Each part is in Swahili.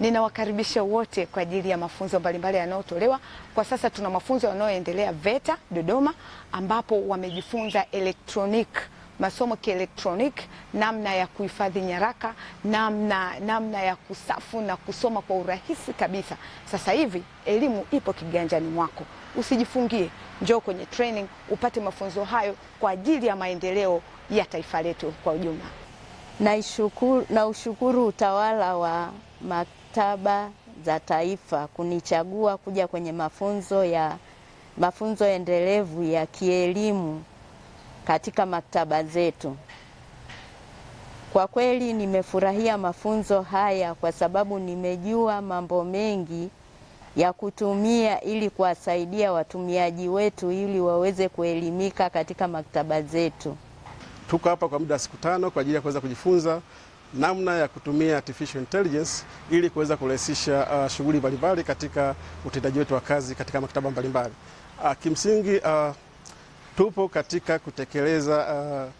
Ninawakaribisha wote kwa ajili ya mafunzo mbalimbali yanayotolewa kwa sasa. Tuna mafunzo yanayoendelea VETA Dodoma, ambapo wamejifunza electronic masomo kielektronik, namna ya kuhifadhi nyaraka, namna namna ya kusafu na kusoma kwa urahisi kabisa. Sasa hivi elimu ipo kiganjani mwako, usijifungie, njoo kwenye training upate mafunzo hayo kwa ajili ya maendeleo ya taifa letu kwa ujumla na naushukuru utawala wa Maktaba za Taifa kunichagua kuja kwenye mafunzo ya mafunzo endelevu ya kielimu katika maktaba zetu. Kwa kweli nimefurahia mafunzo haya kwa sababu nimejua mambo mengi ya kutumia ili kuwasaidia watumiaji wetu ili waweze kuelimika katika maktaba zetu. Tuko hapa kwa muda wa siku tano kwa ajili ya kuweza kujifunza namna ya kutumia artificial intelligence ili kuweza kurahisisha uh, shughuli mbalimbali katika utendaji wetu wa kazi katika maktaba mbalimbali. Uh, kimsingi uh, tupo katika kutekeleza uh,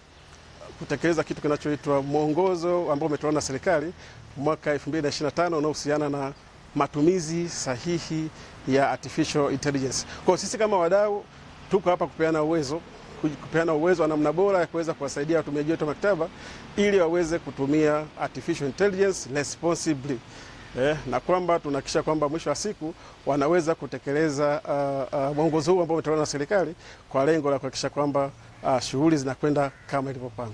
kutekeleza kitu kinachoitwa mwongozo ambao umetolewa na serikali mwaka 2025 unaohusiana na matumizi sahihi ya artificial intelligence. Kwa sisi kama wadau tuko hapa kupeana uwezo kupeana uwezo wa namna bora ya kuweza kuwasaidia watumiaji wetu wa maktaba ili waweze kutumia artificial intelligence responsibly. Eh, na kwamba tunahakikisha kwamba mwisho wa siku wanaweza kutekeleza uh, uh, mwongozo huu ambao umetolewa na serikali kwa lengo la kuhakikisha kwamba uh, shughuli zinakwenda kama ilivyopangwa.